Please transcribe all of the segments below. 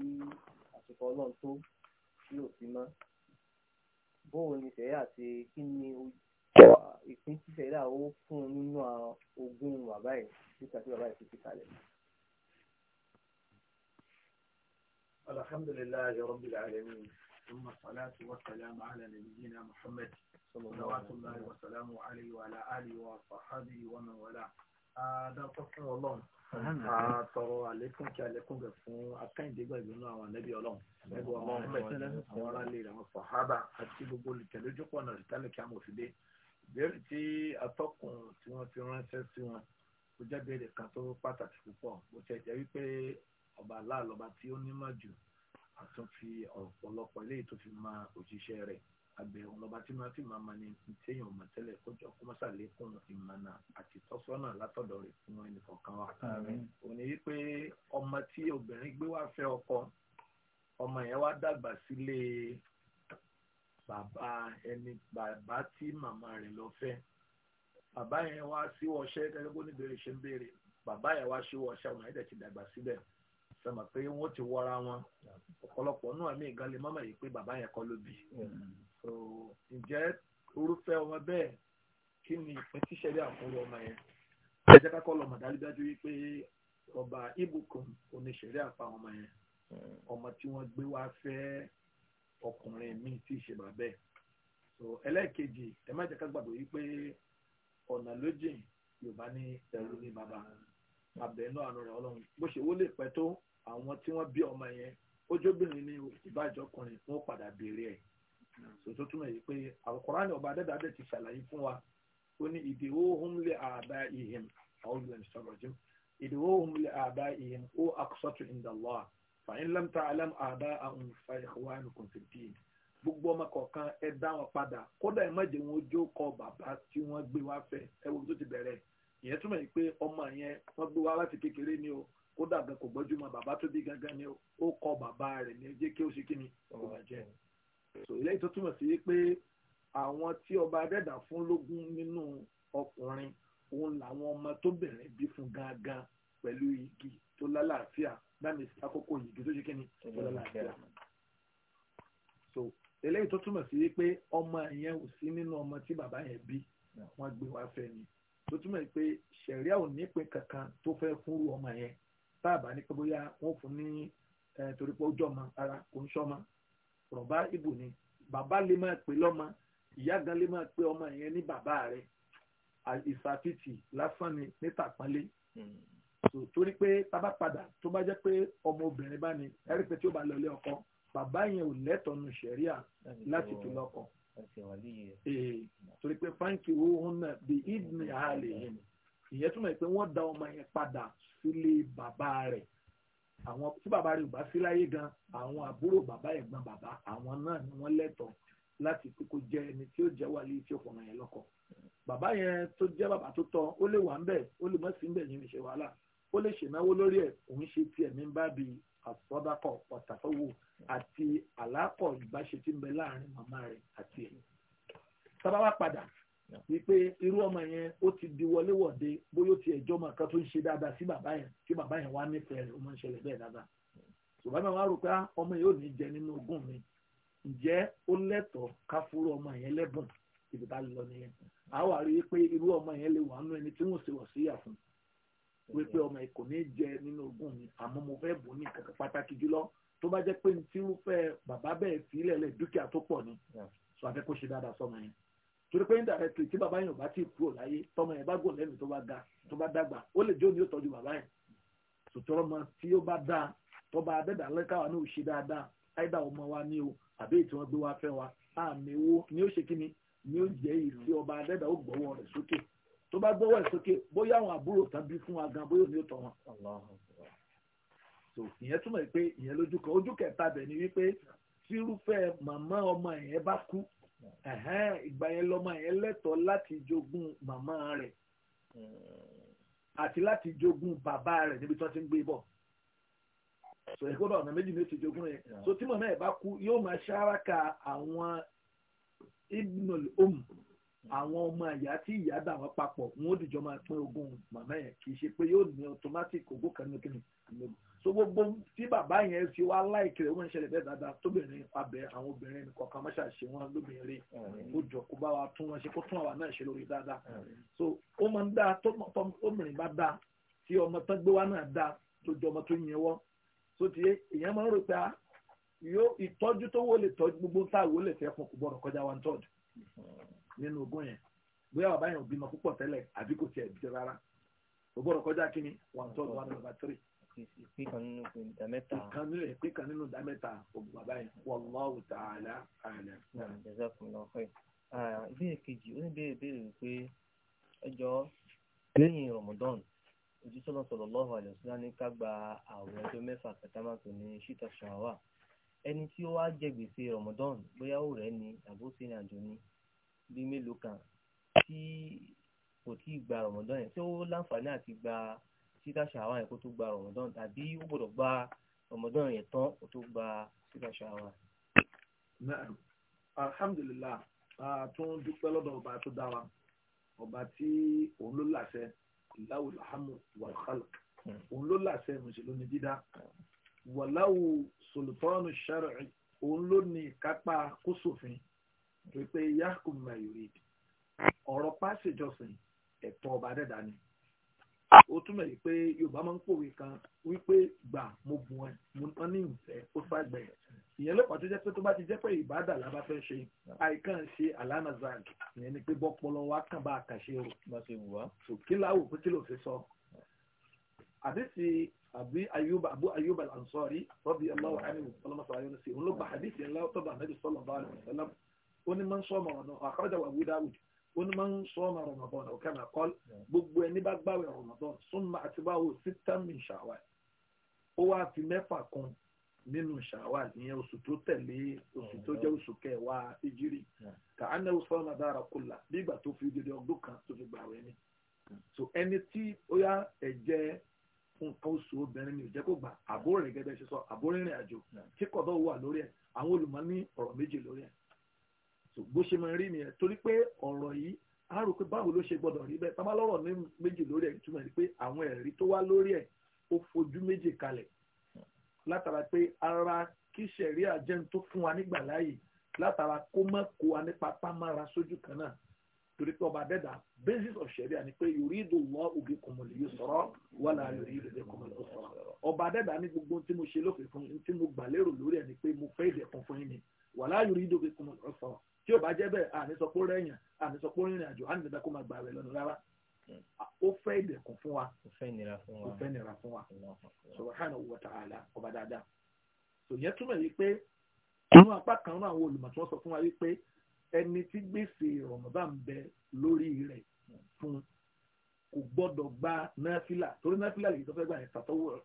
tí àsìkò ọlọ́run tó tí ò sí mọ́ bóò ni sẹ́yà àti kí ni ìpín tí sẹ́yà ó fún nínú ogún bàbá ẹ̀ títà tí bàbá ẹ̀ fi ti kalẹ̀. الحمد لله رب العالمين ثم الصلاة والسلام على نبينا محمد صلوات الله وسلامه عليه وعلى آله وصحبه ومن والاه adáwọ̀pọ̀ fún ọlọ́run àtọ̀rọ̀ àlékún kí àlékún gẹ̀ fún akẹ́yìndé gbàgbé náà àwọn ànábì ọlọ́run nígbà àwọn ọmọ àwọn ará lè rẹ̀ àwọn sàhábà àti gbogbo olùtẹ̀lójúpọ̀ náà rìtálẹ̀ kí a mọ̀ sí dé ìbéèrè tí atọ́kùn tí wọ́n ti ránṣẹ́ sí wọn kò jẹ́ béèrè kan tó pàtàkì púpọ̀ bó ṣe jẹ́ wípé ọba aláàlọ́ba tí ó nímọ̀ jù àtúnfi ọ̀pọ̀lọpọ̀ eléyìí tó fi máa òṣìṣẹ́ rẹ̀ àbẹ̀wò lọ́ba tí máa fi máa ma ní téèyàn mọ̀ tẹ́lẹ̀ kójọ kó mọ́sà lékún ìmọ̀nà àti tọ́sọ́nà látọ̀dọ̀ rẹ̀ fún ẹnì kọ̀ọ̀kan wa. òní wípé ọmọ tí obìnrin gbé wá fẹ́ ọkọ ọmọ yẹn wá dàgbà sílé bàbá ẹni bàbá tí màmá rẹ̀ lọ fẹ́ bàbá yẹn wá sí wọṣẹ́ tẹ́lẹ̀ kó níbi rẹ̀ ṣe ń béèrè bàbá yẹn wá sí wọṣẹ́ ọmọ yẹn dẹ̀ ti dàgbà síbẹ̀ sọmọ pé wọn ti wọra wọn ọ̀pọ̀lọpọ̀ náà mí gan lè mọmọ yìí pé bàbá yẹn kọ́ ló bí so ǹjẹ́ orúfẹ́ ọmọ bẹ́ẹ̀ kí ni ìpín tíṣẹlẹ̀ àkúrò ọmọ yẹn ẹ jẹ́ kákọ lọmọ dájúdájú wípé ọba ibùkún oníṣẹlẹ̀ àpá ọmọ yẹn ọmọ tí wọ́n gbé wá fẹ́ ọkùnrin mi tí ṣe bàbẹ so ẹlẹ́ẹ̀kejì ẹ má jẹ́ ká gbàgbọ́ wípé ọ̀nà ló yorùbá ní ẹrú ní bàbá abẹ́nú àánú rẹ̀ ọlọ́run bó ṣe wó pẹ́ tó àwọn tí wọ́n bí ọmọ yẹn ojóbìnrin ní ìbájọ́ ọkùnrin wọ́n padà béèrè ẹ̀ sòtó túmọ̀ yìí pé àkùránì ọba adẹ́dàdẹ́ ti ṣàlàyé fún wa ó ní ìdíwó homile àbá ihim àwọn olùlẹ̀ sọ̀rọ̀ jù ìdíwó homile àbá ihim ó aqsatu inda Allah fa in lam ta'lam àbá àwọn ikhwanukum fid din gbogbo ọmọ kọ̀ọ̀kan ẹ dá wọn padà kódà ẹ má jẹ́ wọn ojú kọ bàbá tí wọ́n gbé wá fẹ́ ẹ wo tó ti bẹ̀rẹ̀ ìyẹn túmọ̀ yìí pé ọmọ yẹn wọ́n gbé wá láti kékeré ni o kódà gan kò gbọ́júmọ́ bàbá tó bí gangan ni ó kọ bàbá rẹ̀ ní ẹ kí ó ṣe kí ni kò bàjẹ́ so eléyìí tó túmọ̀ sí pé àwọn tí ọba adẹ́dà fún lógún nínú ọkùnrin òun làwọn ọmọ tóbìnrin bí fún gangan pẹ̀lú igi tó lálàáfíà dáàmì àkókò igi tó ṣe kí ni tó lálàáfíà so eléyìí tó túmọ̀ sí pé ọmọ yẹn ò sí nínú ọmọ tí bàbá yẹn bí wọ́n gbé wá fẹ́ ni tó túmọ̀ pé ṣẹ̀ríà ò nípìn kankan tó fẹ́ fúnrú ọmọ yẹn sáàbà ní pé bóyá wọ́n fún ní torí pé ó jọ ara kò ń ṣọmọ rọ̀bá ibù ni bàbá lè máa pè lọ́mọ ìyá gan lè máa pè ọmọ yẹn ní bàbá rẹ̀ ìsàfitì lásán ni nítàpọ́nlé torí pé tábà padà tó bá jẹ́ pé ọmọ obìnrin bá ní ẹ̀rí pé tí ó bá lọ ilé ọkọ bàbá yẹn ò lẹ́tọ̀ọ́nù sẹ̀ríà láti tó lọ́kọ. torí pé fáńkì wo hún náà bí ìdùnnú ìhàlẹ̀ yẹn ìyẹn túmọ̀ pé wọ́n da ọmọ yẹn padà sílé bàbá rẹ̀ àwọn tí bàbá rẹ̀ ò bá sí láyé gan àwọn àbúrò bàbá ẹ̀gbọ́n bàbá àwọn náà ni wọ́n lẹ́tọ̀ọ́ láti kókó jẹ ẹni tí ó jẹ́ wàlí tí ó fọmọ yẹn lọ́kọ bàbá yẹn tó jẹ́ bàbá tó tọ́ ó lè wà ń bẹ̀ ó lè mọ̀ sí ń bẹ̀ yìí níṣẹ́ wàhálà ó lè ṣènáwó lórí ẹ̀ òun ṣe tiẹ̀ ní bá bi àsọdákọ̀ ọ̀tàfọ́wò àti àlákọ̀ ìbáṣe tí ń bẹ láàrin màmá rẹ̀ àti ẹ̀. sábà wá padà wípé irú ọmọ yẹn ó ti di wọléwọ̀de bóyá ó ti ẹ̀jọ́ ọmọ kan tó ń ṣe dáadáa sí bàbá yẹn kí bàbá yẹn wá nífẹ̀ẹ́ rẹ̀ ó máa ń ṣẹlẹ̀ bẹ́ẹ̀ dáadáa ṣùgbọ́n náà wá rò pé ah, ọmọ yẹn ò ní jẹ nínú ogún mi ǹjẹ́ ó lẹ́tọ̀ọ́ ká fúrú ọmọ yẹn lẹ́bùn ibi bá lọ nìyẹn a wà rí i pé irú ọmọ yẹn lè wà nú ẹni tí wọ́n ṣe wọ̀ síyà fún wípé ọmọ yẹn kò ní jẹ nínú ogún mi àmọ́ mo fẹ́ bùn ní torí pé indirectly tí bàbá yẹn ò bá ti kú ò láyé tọmọ yẹn bá gùn lẹ́nu tó bá ga tó bá dàgbà ó lè jó ní ó tọ́jú bàbá yẹn sòtọ́rọ́ mọ tí ó bá dáa tọba adẹ́dà lẹ́kàwá ní òṣè dáadáa àìdá ọmọ wa ní o àbí ètò wọn gbé wa fẹ́ wa àmì wo ni ó ṣe kí ni ni ó jẹ́ èyí tí ọba adẹ́dà ó gbọ́wọ́ rẹ̀ sókè tó bá gbọ́wọ́ ẹ̀ sókè bóyá àwọn àbúrò tàbí fún wa gan bóyá ní ó tọ̀ wọn. ìyẹn túmọ̀ pé ìyẹn lójú kan ojú kẹta bẹ̀ ni wípé tírúfẹ́ màmá ọmọ yẹn bá kú ìgbà yẹn lọ́mọ yẹn lẹ́tọ̀ọ́ láti jogún màmá rẹ̀ àti láti jogún bàbá rẹ̀ níbi tí wọ́n ti ń gbé bọ̀ so ìkọ́dọ̀ ọ̀nà méjì ní ti jogún rẹ̀ so tí màmá ẹ̀ bá kú yóò máa ṣáraka àwọn ibnul um àwọn ọmọ ìyá tí ìyá dà wọ́n papọ̀ wọn ó dìjọ́ máa pín ogún màmá yẹn kì í ṣe pé yóò ní automatic ogún kan ní kíni so gbogbo tí bàbá yẹn fi wá láìkí rẹ̀ wọ́n ń ṣẹlẹ̀ bẹ́ẹ̀ dáadáa tóbìnrin abẹ àwọn obìnrin nìkan kan máṣá ṣe wọn lóbìnrin ó jọ kó bá wa tún wọn ṣe kó tún àwa náà ṣe lórí dáadáa so ó máa ń dáa tóbìnrin bá dáa tí ọmọ tán gbé wá náà dáa tó jọ ọmọ tó yẹn wọ́n so ti èèyàn máa ń rò pé ah, yóò ìtọ́jú tó wọlé tọ́jú gbogbo táwọn wọlé fẹ́ fún kò gbọ́dọ̀ kọjá one third hmm. nínú ogún yẹn bóyá bàbá yẹn ò bímọ púpọ̀ tẹ́lẹ̀ àbí kò tiẹ̀ bí rárá o kọjá kínní one two one number three. ìpín kan nínú ìdá mẹ́ta. ìpín kan nínú ìdá mẹ́ta ògùn bàbá yẹn wallahu ta'ala a'lam. ìbéèrè kejì ó ní béèrè béèrè wípé ẹjọ́ lẹ́yìn Ramadan ká gba àwọn ọjọ́ mẹ́fà ní ni àbó àjò ni bí mélòó kan tí kò tí ì gba rọmọdán yẹn tí ó láǹfààní àti gba síta ṣàwá yẹn kó tó gba rọmọdán tàbí ó gbọ́dọ̀ gba rọmọdán yẹn tán kó tó gba síta ṣàwá. alhamdulilah a tún dúpẹ́ lọ́dọ̀ ọba tó dá wa ọba tí òun ló láṣẹ ìláwù làhámù wàlhálà òun ló láṣẹ mùsùlùmí dídá wàláwù sòlùtọ́ọ̀nù sẹ́rẹ̀ òun ló ní kápá kó sòfin wípé yahkum mayurid ọ̀rọ̀ pàṣẹjọsìn ẹ̀tọ́ ọba dẹ́dà ni ó túmọ̀ yìí pé yorùbá máa ń pòwe kan wípé gbà mo bùn ẹ mo tán ní ìfẹ́ ó fàgbẹ́ ìyẹn lọ́pàá tó jẹ́ pé tó bá ti jẹ́ pé ìbádà la bá fẹ́ ṣe àìkàn ṣe alamazag ìyẹn ni pé bọ́pọlọ wa kàn bá a kà ṣe o kí láwò pé kí ló fi sọ àdìsí àbí ayuba abu ayuba al-ansari radiyallahu anhu ọlọmọsọ ayọ̀nùsí òun ló gba àdìsí ni máa ń sọ ọmọ ọ̀nà àkọ́jà wà wúdà wùd ó ní máa ń sọ ọmọ Ramadan ọ̀kẹ́ máa kọ́ gbogbo ẹni bá gbàwẹ̀ Ramadan súnmọ́ àti báwo sítẹ́mì ṣàwàl ó wá fi mẹ́fà kan nínú ṣàwàl ìyẹn oṣù tó tẹ̀lé oṣù tó jẹ́ oṣù kẹwàá ìjírí kàánà sọ́nà dára kùlà nígbà tó fi dédé ọdún kan tó fi gbàwẹ̀ ni so ẹni tí ó yá ẹ̀jẹ̀ nǹkan oṣù obìnrin ni ò jẹ́ kó gbà àbórìnrìn gẹ́gẹ́ ṣe sọ àbórìnrìn àjò kíkọ̀ bá wà lórí ẹ̀ àwọn olùmọ̀ ní ọ̀rọ̀ méjì lórí ẹ̀ bó ṣe máa rí nìyẹn torí pé ọ̀rọ̀ yìí a rò pé báwo ló ṣe gbọ́dọ̀ rí bẹ́ẹ̀ tá bá lọ́rọ̀ ní méjì lórí ẹ̀ túmọ̀ sí pé àwọn ẹ̀rí tó wá lórí ẹ̀ ó fojú méjì kalẹ̀ látara pé ara kí sẹ̀rí àjẹun tó fún wa nígbà láàyè látara kó mọ́ kó wa nípa pámára sójú kan náà torí pé ọba dẹ́dà basis of sẹ̀ríà ni pé yuridu Allahu bikumul yusra wala yuridu bikumul usra ọba dẹ́dà ní gbogbo tí mo ṣe lófin fún yín tí mo gbà lérò lórí ẹ̀ ni pé mo fẹ́ ìdẹ̀kùn fún yín ni wala yuridu bikumul usra tí ò bá jẹ́ bẹ́ẹ̀ àní sọ pé ó rẹ̀yàn àní sọ pé ó rìnrìn àjò àní dandan kó máa gbà rẹ̀ lọ́nà rárá ó fẹ́ ìdẹ̀kùn fún wa ó fẹ́ nira fún wa subhanahu wa ta'ala ọba dáadáa tòyẹ́ túmọ̀ yìí pé hmm. inú apá kan náà àwọn olùmọ̀ tí wọ́n sọ fún wa wípé ẹni tí gbèsè Ramadan ń bẹ lórí rẹ̀ fún kò gbọ́dọ̀ gba náfìlà torí náfìlà lè tọ́fẹ́ gbà yẹn tàtọ́wọ́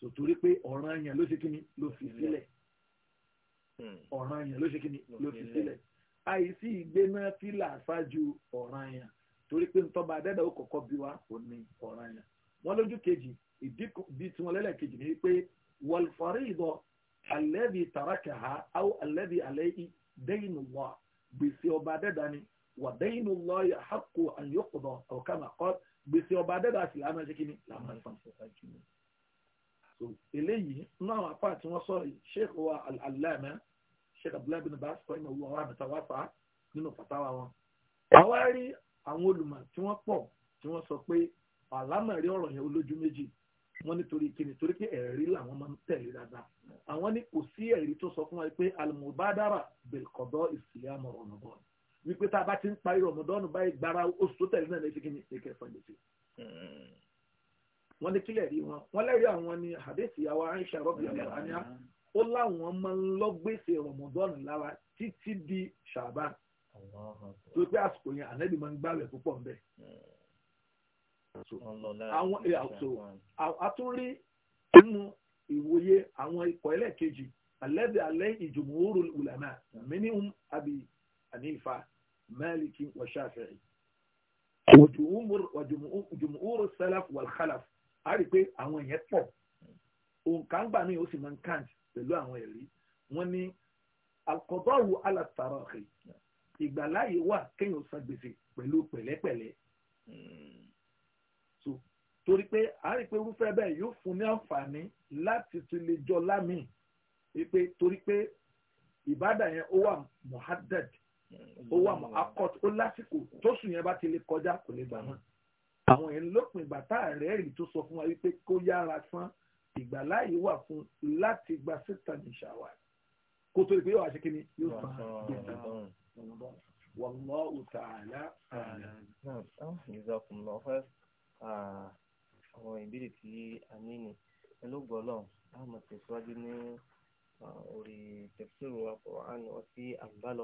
tó torí pé ọ̀ràn yẹn ló ṣe kíni ló fi sílẹ̀ hmm. ọ̀ràn yẹn ló ṣe kíni ló fi sílẹ̀ àìsí ìgbéná fílà ṣáájú ọ̀ràn yẹn torí pé ntọ́ba adẹ́dàá ó kọ̀kọ́ bí wa kò ní ọ̀ràn yẹn wọ́n lójú kejì ìdíkù bíi tiwọn lẹ́lẹ́kejì ni pé wàlfàrí ìdọ̀ alẹ́bí tàràkà ha áwọ alẹ́bí alẹ́yìn dẹ́yìn wà gbèsè ọba adẹ́dàá ni wà dẹ́yìn lọ yà hàkó àyọkùdọ̀ ọ̀kàmà kọ́ gbèsè ọba adẹ́dàá sì lámà ṣe kíni lámà ìfọ̀n sheikh abdullahi bin bas sọ ìnáwó àwọn àbẹ̀tàwáfà nínú fatawa wọn. àwa rí àwọn olùmọ̀ tí wọ́n pọ̀ tí wọ́n sọ pé àlámọ̀rí ọ̀rọ̀ yẹn olójú méjì wọ́n nítorí kíni torí pé ẹ̀rí làwọn máa ń tẹ̀lé dáadáa àwọn ní kò sí ẹ̀rí tó sọ fún wa pé alimobadara belkọdọ ìsìlámù rọmọdọ́n wípé tá a bá ti ń parí rọmọdọ́n báyìí gbára oṣù tó tẹ̀lé náà lè fi kíni èké fọ̀lẹ́sì. Hmm. wọ́n ní kílẹ̀ rí wọn wọ́n lẹ́rìí àwọn ní hadith ìyàwó Aisha rọ́bì ọ̀làníà ó láwọn máa ń lọ gbèsè rọmọdọ́nù lára títí di ṣàbá tó pé àsìkò yẹn ànábì máa ń gbàwẹ̀ púpọ̀ ńbẹ̀. Hmm. àwọn èso eh, àtúnrí nínú ìwòye àwọn ikọ̀ ẹlẹ́ẹ̀kejì alẹ́bí alẹ́ ìjùmọ̀wòrò ulama minhum abi hanifa maliki wa shafi'i wàjùmọ̀wòrò salaf wal khalaf a rí i pé àwọn èèyàn pọ̀ hmm. òǹkà ń gbà mí ó sì máa ń kàǹtì pẹ̀lú àwọn ẹ̀rí wọ́n ní alkọ̀dọ́wù alàtàràkì ìgbàláyè wà kéèyàn san gbèsè pẹ̀lú pẹ̀lẹ́pẹ̀lẹ́ so torí pé a rí i pé irúfẹ́ bẹ́ẹ̀ yóò fún ní àǹfààní láti tún lè jọ lámì pé torí pé ìbádà yẹn ó wà muhaddad ó wà akọt ó lásìkò tóṣù yẹn bá ti lè kọjá kò lè gbà mọ́ hmm. àwọn yẹn lópin bàtà rẹ̀ rí tó sọ fún wa wípé kó yára san ìgbàláyè wà fún láti gba sítà ní ṣàwà kó tó di pé yóò wá ṣe kí ni yóò fà gbèsè wallahu ta'ala jazakumullahu khair àwọn ìbéèrè tí a ní ni ẹlógbọ́n náà a mọ̀ tẹ̀síwájú ní orí tafsir wa Qur'an àti àgbàlọ́.